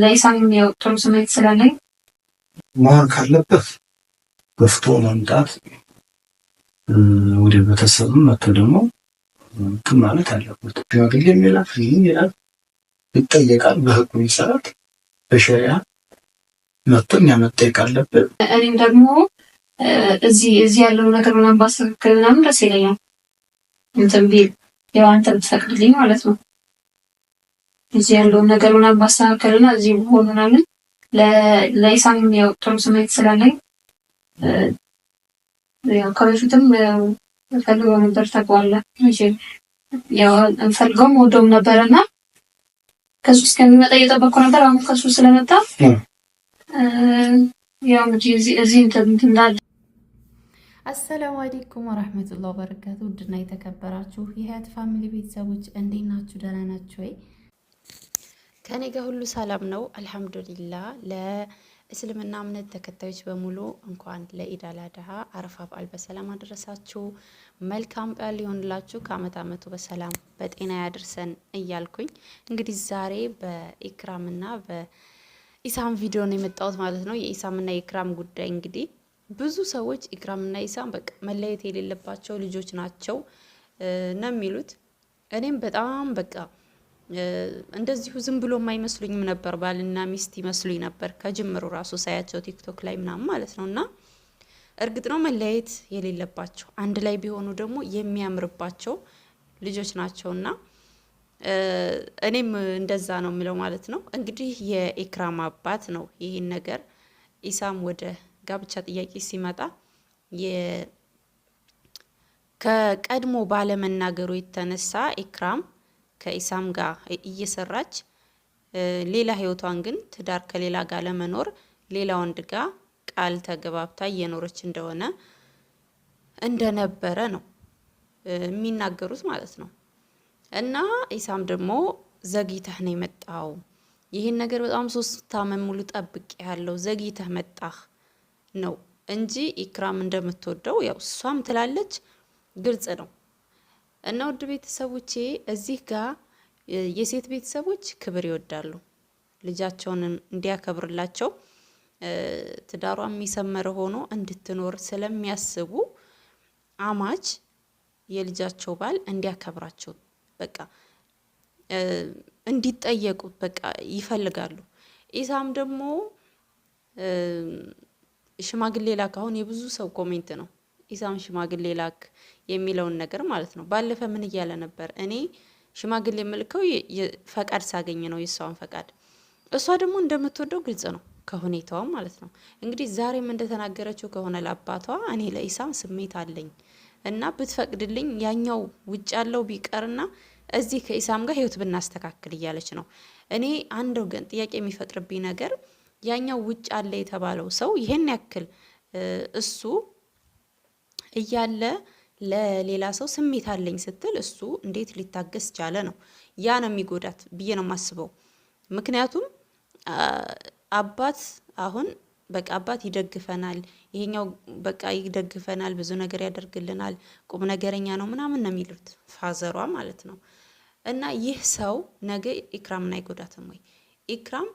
ለኢሳም የሚያወጥሩ ስሜት ስላለኝ መሆን ካለበት በፍቶ መምጣት ወደ ቤተሰብም መጥቶ ደግሞ እንትን ማለት አለበት። ሽማግሌ የሚላፍ ይህን ይላል ይጠየቃል። በህጉ መሰረት በሸሪያ መጥቶ እኛ መጠየቅ አለብን። እኔም ደግሞ እዚህ እዚህ ያለው ነገር ምናምን ባስተካከል ምናምን ደስ ይለኛል። እንትን ቢል ያው አንተ ብትፈቅድልኝ ማለት ነው እዚህ ያለውን ነገር ምናምን ማስተካከል እና እዚህ መሆን ምናምን ለኢሳም ያው ጥሩ ስሜት ስላለኝ ከበፊትም ፈልገው ነበር ተቋለ ፈልገውም ወደውም ነበር እና ከሱ እስከሚመጣ እየጠበቅኩ ነበር። አሁን ከሱ ስለመጣ ያው እንግዲህ እዚህ እንትንትንዳለ አሰላሙ አለይኩም ወራህመቱላሂ ወበረካቱ። ውድና የተከበራችሁ የሀያት ፋሚሊ ቤተሰቦች እንዴት ናችሁ? ደህና ናችሁ ወይ? ከኔ ጋር ሁሉ ሰላም ነው አልሐምዱሊላ። ለእስልምና እምነት ተከታዮች በሙሉ እንኳን ለኢድ አረፋ በዓል በሰላም አደረሳችሁ። መልካም በዓል ሊሆንላችሁ፣ ከአመት አመቱ በሰላም በጤና ያድርሰን እያልኩኝ እንግዲህ ዛሬ በኢክራምና በኢሳም ቪዲዮ ነው የመጣሁት ማለት ነው። የኢሳምና የኢክራም ጉዳይ እንግዲህ ብዙ ሰዎች ኢክራምና ኢሳም በቃ መለየት የሌለባቸው ልጆች ናቸው ነው የሚሉት። እኔም በጣም በቃ እንደዚሁ ዝም ብሎ አይመስሉኝም ነበር፣ ባልና ሚስት ይመስሉኝ ነበር ከጅምሩ ራሱ ሳያቸው ቲክቶክ ላይ ምናምን ማለት ነው። እና እርግጥ ነው መለያየት የሌለባቸው አንድ ላይ ቢሆኑ ደግሞ የሚያምርባቸው ልጆች እና እኔም እንደዛ ነው የምለው ማለት ነው። እንግዲህ የኢክራም አባት ነው ይህን ነገር ኢሳም ወደ ጋብቻ ጥያቄ ሲመጣ ከቀድሞ ባለመናገሩ የተነሳ ኢክራም ከኢሳም ጋር እየሰራች ሌላ ህይወቷን ግን ትዳር ከሌላ ጋር ለመኖር ሌላ ወንድ ጋር ቃል ተገባብታ እየኖረች እንደሆነ እንደነበረ ነው የሚናገሩት ማለት ነው። እና ኢሳም ደግሞ ዘግይተህ ነው የመጣው፣ ይህን ነገር በጣም ሶስት አመት ሙሉ ጠብቅ ያለው ዘግይተህ መጣህ ነው እንጂ ኢክራም እንደምትወደው ያው እሷም ትላለች። ግልጽ ነው። እና ውድ ቤተሰቦቼ እዚህ ጋር የሴት ቤተሰቦች ክብር ይወዳሉ። ልጃቸውን እንዲያከብርላቸው ትዳሯ የሚሰመረ ሆኖ እንድትኖር ስለሚያስቡ አማች የልጃቸው ባል እንዲያከብራቸው በቃ እንዲጠየቁ በቃ ይፈልጋሉ። ኢሳም ደግሞ ሽማግሌ ላክ። የብዙ ሰው ኮሜንት ነው ኢሳም ሽማግሌ ላክ የሚለውን ነገር ማለት ነው። ባለፈ ምን እያለ ነበር? እኔ ሽማግሌ የምልከው ፈቃድ ሳገኝ ነው፣ የእሷን ፈቃድ። እሷ ደግሞ እንደምትወደው ግልጽ ነው ከሁኔታዋ ማለት ነው። እንግዲህ ዛሬም እንደተናገረችው ከሆነ ለአባቷ እኔ ለኢሳም ስሜት አለኝ እና ብትፈቅድልኝ ያኛው ውጭ ያለው ቢቀርና እዚህ ከኢሳም ጋር ህይወት ብናስተካክል እያለች ነው። እኔ አንድ ወገን ጥያቄ የሚፈጥርብኝ ነገር ያኛው ውጭ አለ የተባለው ሰው ይሄን ያክል እሱ እያለ ለሌላ ሰው ስሜት አለኝ ስትል እሱ እንዴት ሊታገስ ቻለ ነው። ያ ነው የሚጎዳት ብዬ ነው የማስበው። ምክንያቱም አባት አሁን በቃ አባት ይደግፈናል፣ ይሄኛው በቃ ይደግፈናል፣ ብዙ ነገር ያደርግልናል፣ ቁም ነገረኛ ነው ምናምን ነው የሚሉት ፋዘሯ ማለት ነው። እና ይህ ሰው ነገ ኢክራምን አይጎዳትም ወይ? ኢክራም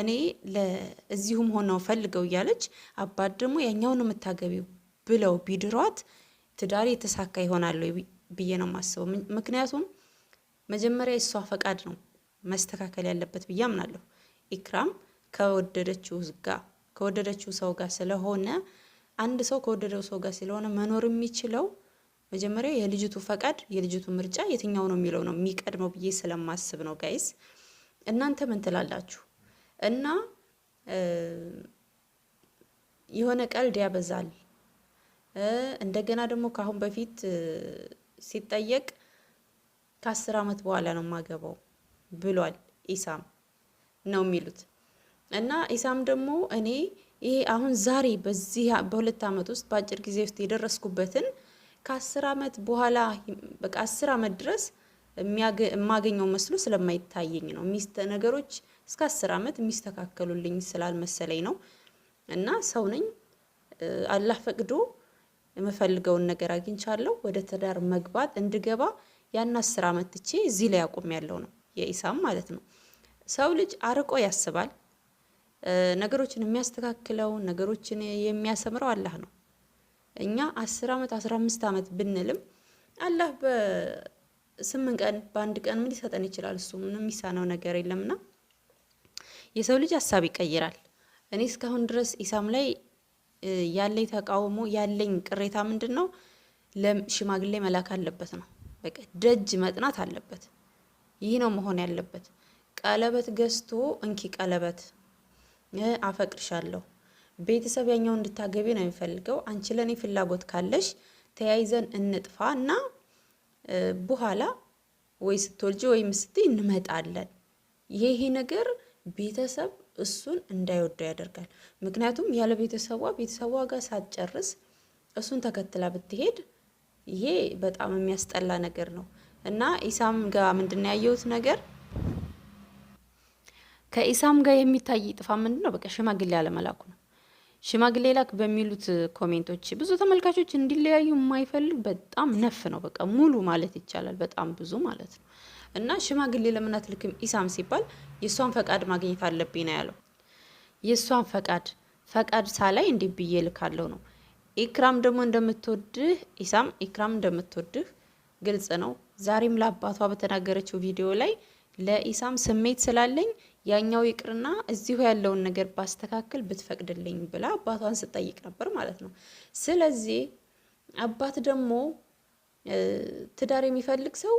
እኔ ለእዚሁም ሆነው ፈልገው እያለች አባት ደግሞ ነው የምታገቢው ብለው ቢድሯት ትዳር የተሳካ ይሆናል ብዬ ነው የማስበው። ምክንያቱም መጀመሪያ የእሷ ፈቃድ ነው መስተካከል ያለበት ብዬ አምናለሁ። ኢክራም ከወደደችው ጋር ከወደደችው ሰው ጋር ስለሆነ አንድ ሰው ከወደደው ሰው ጋር ስለሆነ መኖር የሚችለው መጀመሪያ የልጅቱ ፈቃድ፣ የልጅቱ ምርጫ የትኛው ነው የሚለው ነው የሚቀድመው ብዬ ስለማስብ ነው። ጋይስ እናንተ ምን ትላላችሁ? እና የሆነ ቀልድ ያበዛል እንደገና ደግሞ ከአሁን በፊት ሲጠየቅ ከአስር ዓመት በኋላ ነው የማገባው ብሏል ኢሳም ነው የሚሉት እና ኢሳም ደግሞ እኔ ይሄ አሁን ዛሬ በዚህ በሁለት አመት ውስጥ በአጭር ጊዜ ውስጥ የደረስኩበትን ከአስር አመት በኋላ በቃ አስር ዓመት ድረስ የማገኘው መስሎ ስለማይታየኝ ነው። ሚስተ ነገሮች እስከ አስር ዓመት የሚስተካከሉልኝ ስላልመሰለኝ ነው እና ሰው ነኝ አላህ ፈቅዶ የምፈልገውን ነገር አግኝቻለሁ፣ ወደ ትዳር መግባት እንድገባ ያን አስር ዓመት ትቼ እዚህ ላይ አቁም ያለው ነው የኢሳም ማለት ነው። ሰው ልጅ አርቆ ያስባል። ነገሮችን የሚያስተካክለው ነገሮችን የሚያሰምረው አላህ ነው። እኛ አስር ዓመት አስራ አምስት ዓመት ብንልም አላህ በስምንት ቀን በአንድ ቀን ምን ሊሰጠን ይችላል? እሱ ምንም የሚሳነው ነገር የለምና የሰው ልጅ ሀሳብ ይቀይራል። እኔ እስካሁን ድረስ ኢሳም ላይ ያለኝ ተቃውሞ ያለኝ ቅሬታ ምንድን ነው? ለሽማግሌ መላክ አለበት ነው። በቃ ደጅ መጥናት አለበት። ይህ ነው መሆን ያለበት። ቀለበት ገዝቶ እንኪ ቀለበት አፈቅርሻለሁ፣ ቤተሰብ ያኛው እንድታገቢ ነው የሚፈልገው። አንቺ ለእኔ ፍላጎት ካለሽ ተያይዘን እንጥፋ እና በኋላ ወይ ስትወልጂ ወይም ስትይ እንመጣለን። ይሄ ነገር ቤተሰብ እሱን እንዳይወደው ያደርጋል። ምክንያቱም ያለ ቤተሰቧ ቤተሰቧ ጋር ሳትጨርስ እሱን ተከትላ ብትሄድ ይሄ በጣም የሚያስጠላ ነገር ነው እና ኢሳም ጋር ምንድን ነው ያየሁት ነገር ከኢሳም ጋር የሚታይ ጥፋ ምንድን ነው? በቃ ሽማግሌ ያለመላኩ ነው። ሽማግሌ ላክ በሚሉት ኮሜንቶች ብዙ ተመልካቾች እንዲለያዩ የማይፈልግ በጣም ነፍ ነው። በቃ ሙሉ ማለት ይቻላል በጣም ብዙ ማለት ነው። እና ሽማግሌ ለምን አትልክም ኢሳም ሲባል የእሷን ፈቃድ ማግኘት አለብኝ ነው ያለው። የእሷን ፈቃድ ፈቃድ ሳላይ እንዲህ ብዬ ልካለሁ ነው። ኢክራም ደግሞ እንደምትወድህ ኢሳም ኢክራም እንደምትወድህ ግልጽ ነው። ዛሬም ለአባቷ በተናገረችው ቪዲዮ ላይ ለኢሳም ስሜት ስላለኝ ያኛው ይቅርና እዚሁ ያለውን ነገር ባስተካከል ብትፈቅድልኝ ብላ አባቷን ስጠይቅ ነበር ማለት ነው። ስለዚህ አባት ደግሞ ትዳር የሚፈልግ ሰው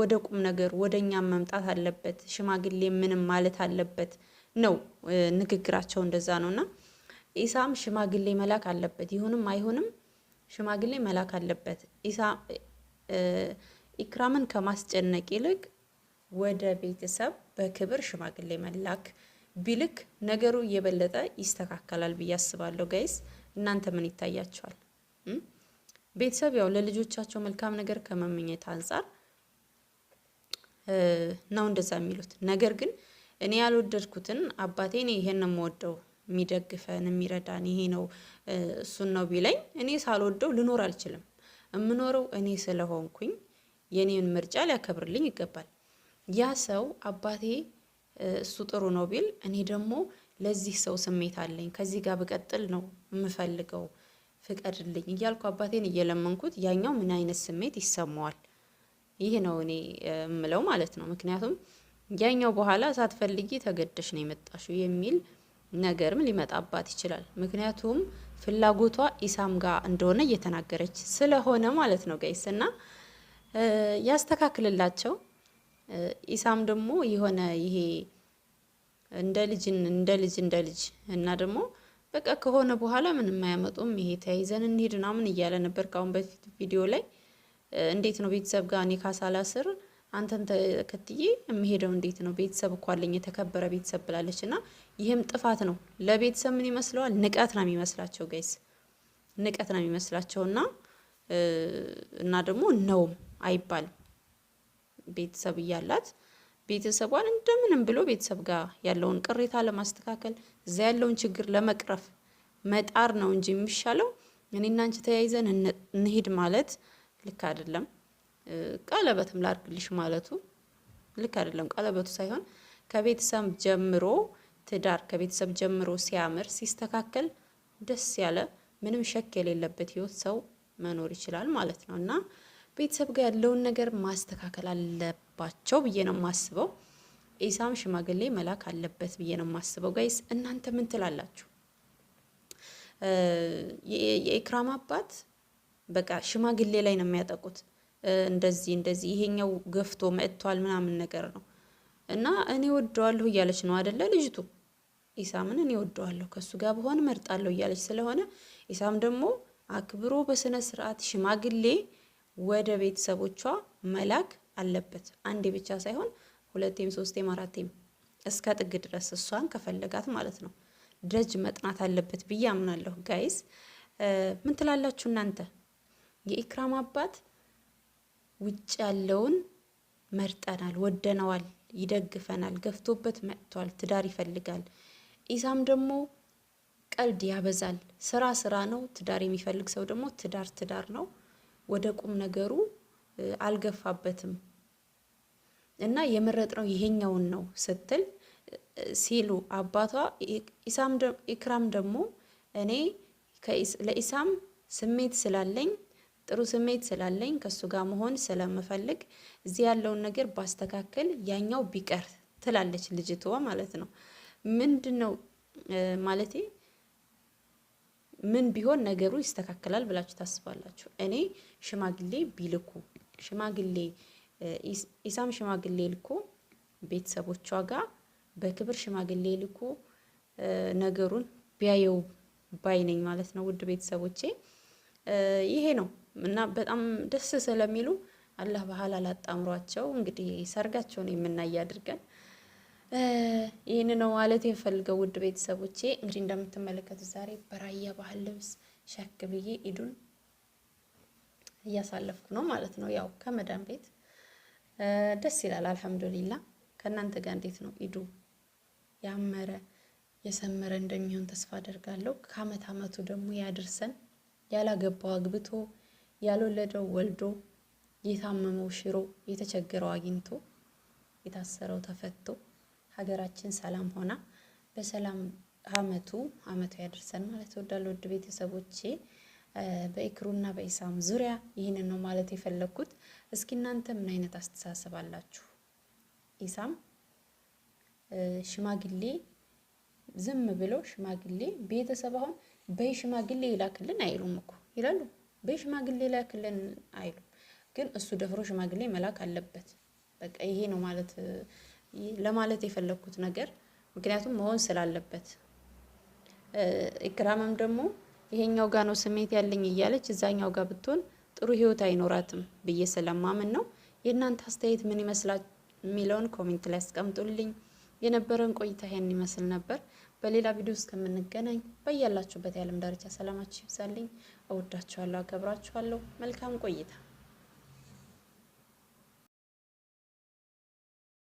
ወደ ቁም ነገር ወደ እኛም መምጣት አለበት። ሽማግሌ ምንም ማለት አለበት ነው ንግግራቸው፣ እንደዛ ነው እና ኢሳም ሽማግሌ መላክ አለበት። ይሁንም አይሁንም ሽማግሌ መላክ አለበት። ኢሳ ኢክራምን ከማስጨነቅ ይልቅ ወደ ቤተሰብ በክብር ሽማግሌ መላክ ቢልክ ነገሩ እየበለጠ ይስተካከላል ብዬ አስባለሁ። ጋይስ እናንተ ምን ይታያቸዋል? ቤተሰብ ያው ለልጆቻቸው መልካም ነገር ከመመኘት አንጻር ነው እንደዛ የሚሉት። ነገር ግን እኔ ያልወደድኩትን አባቴ እኔ ይሄን ነው የምወደው የሚደግፈን የሚረዳን ይሄ ነው እሱን ነው ቢለኝ እኔ ሳልወደው ልኖር አልችልም። የምኖረው እኔ ስለሆንኩኝ የኔን ምርጫ ሊያከብርልኝ ይገባል። ያ ሰው አባቴ እሱ ጥሩ ነው ቢል እኔ ደግሞ ለዚህ ሰው ስሜት አለኝ፣ ከዚህ ጋር ብቀጥል ነው የምፈልገው ፍቀድልኝ እያልኩ አባቴን እየለመንኩት ያኛው ምን አይነት ስሜት ይሰማዋል? ይህ ነው እኔ የምለው ማለት ነው። ምክንያቱም ያኛው በኋላ ሳትፈልጊ ተገደሽ ነው የመጣሽው የሚል ነገርም ሊመጣባት ይችላል። ምክንያቱም ፍላጎቷ ኢሳም ጋር እንደሆነ እየተናገረች ስለሆነ ማለት ነው ጋይስ እና ያስተካክልላቸው። ኢሳም ደግሞ የሆነ ይሄ እንደ ልጅ እንደ ልጅ እንደ ልጅ እና ደግሞ በቃ ከሆነ በኋላ ምንም አያመጡም፣ ይሄ ተያይዘን እንሂድ ምናምን እያለ ነበር። ካሁን በፊት ቪዲዮ ላይ እንዴት ነው ቤተሰብ ጋር እኔ ካሳላ ስር አንተን ተከትዬ የምሄደው እንዴት ነው ቤተሰብ እኮ አለኝ የተከበረ ቤተሰብ ብላለች። እና ይህም ጥፋት ነው ለቤተሰብ ምን ይመስለዋል? ንቀት ነው የሚመስላቸው ጋይስ፣ ንቀት ነው የሚመስላቸው እና እና ደግሞ ነውም አይባልም ቤተሰብ እያላት ቤተሰቧን እንደምንም ብሎ ቤተሰብ ጋር ያለውን ቅሬታ ለማስተካከል እዛ ያለውን ችግር ለመቅረፍ መጣር ነው እንጂ የሚሻለው እኔና አንቺ ተያይዘን እንሄድ ማለት ልክ አይደለም። ቀለበትም ላርግልሽ ማለቱ ልክ አይደለም። ቀለበቱ ሳይሆን ከቤተሰብ ጀምሮ ትዳር ከቤተሰብ ጀምሮ ሲያምር ሲስተካከል ደስ ያለ ምንም ሸክ የሌለበት ህይወት ሰው መኖር ይችላል ማለት ነው እና ቤተሰብ ጋር ያለውን ነገር ማስተካከል አለባቸው ብዬ ነው የማስበው። ኢሳም ሽማግሌ መላክ አለበት ብዬ ነው የማስበው። ጋይስ እናንተ ምን ትላላችሁ? የኢክራም አባት በቃ ሽማግሌ ላይ ነው የሚያጠቁት። እንደዚህ እንደዚህ ይሄኛው ገፍቶ መጥቷል ምናምን ነገር ነው እና እኔ ወደዋለሁ እያለች ነው አደለ ልጅቱ ኢሳምን እኔ ወደዋለሁ ከእሱ ጋር በሆን መርጣለሁ እያለች ስለሆነ ኢሳም ደግሞ አክብሮ በስነ ስርዓት ሽማግሌ ወደ ቤተሰቦቿ መላክ አለበት። አንዴ ብቻ ሳይሆን ሁለቴም፣ ሶስቴም፣ አራቴም እስከ ጥግ ድረስ እሷን ከፈለጋት ማለት ነው። ደጅ መጥናት አለበት ብዬ አምናለሁ። ጋይስ ምን ትላላችሁ እናንተ? የኢክራም አባት ውጭ ያለውን መርጠናል፣ ወደነዋል፣ ይደግፈናል፣ ገፍቶበት መጥቷል፣ ትዳር ይፈልጋል። ኢሳም ደግሞ ቀልድ ያበዛል። ስራ ስራ ነው። ትዳር የሚፈልግ ሰው ደግሞ ትዳር ትዳር ነው። ወደ ቁም ነገሩ አልገፋበትም እና የመረጥነው ይሄኛውን ነው ስትል ሲሉ አባቷ ኢክራም ደግሞ እኔ ለኢሳም ስሜት ስላለኝ ጥሩ ስሜት ስላለኝ ከእሱ ጋር መሆን ስለምፈልግ እዚህ ያለውን ነገር ባስተካከል ያኛው ቢቀር ትላለች ልጅቷ ማለት ነው። ምንድን ነው ማለቴ ምን ቢሆን ነገሩ ይስተካከላል ብላችሁ ታስባላችሁ? እኔ ሽማግሌ ቢልኩ ሽማግሌ ኢሳም ሽማግሌ ልኮ ቤተሰቦቿ ጋር በክብር ሽማግሌ ልኮ ነገሩን ቢያየው ባይ ነኝ ማለት ነው። ውድ ቤተሰቦቼ ይሄ ነው እና በጣም ደስ ስለሚሉ አላህ በሐላል አጣምሯቸው እንግዲህ ሰርጋቸውን የምናይ አድርገን ይህን ነው ማለት የፈልገው። ውድ ቤተሰቦቼ እንግዲህ እንደምትመለከቱት ዛሬ በራያ ባህል ልብስ ሸክ ብዬ ኢዱን እያሳለፍኩ ነው ማለት ነው። ያው ከመዳን ቤት ደስ ይላል። አልሐምዱሊላ ከእናንተ ጋር እንዴት ነው? ኢዱ ያመረ የሰመረ እንደሚሆን ተስፋ አደርጋለሁ። ከአመት አመቱ ደግሞ ያድርሰን። ያላገባው አግብቶ ያልወለደው ወልዶ የታመመው ሽሮ የተቸገረው አግኝቶ የታሰረው ተፈቶ ሀገራችን ሰላም ሆና በሰላም አመቱ አመቱ ያደርሰን ማለት እወዳለሁ። ውድ ቤተሰቦቼ በኢክሩና በኢሳም ዙሪያ ይህንን ነው ማለት የፈለግኩት። እስኪ እናንተ ምን አይነት አስተሳሰብ አላችሁ? ኢሳም ሽማግሌ ዝም ብሎ ሽማግሌ ቤተሰብ አሁን በይ ሽማግሌ ይላክልን አይሉም እኮ ይላሉ። በይ ሽማግሌ ይላክልን አይሉም፣ ግን እሱ ደፍሮ ሽማግሌ መላክ አለበት። በቃ ይሄ ነው ማለት ለማለት የፈለግኩት ነገር ምክንያቱም መሆን ስላለበት ኢክራምም ደግሞ ይሄኛው ጋ ነው ስሜት ያለኝ እያለች እዛኛው ጋ ብትሆን ጥሩ ህይወት አይኖራትም ብዬ ስለማምን ነው። የእናንተ አስተያየት ምን ይመስላል የሚለውን ኮሜንት ላይ አስቀምጡልኝ። የነበረን ቆይታ ይሄን ይመስል ነበር። በሌላ ቪዲዮ እስከምንገናኝ በያላችሁበት የዓለም ዳርቻ ሰላማችሁ ይብዛልኝ። እወዳችኋለሁ፣ አከብራችኋለሁ። መልካም ቆይታ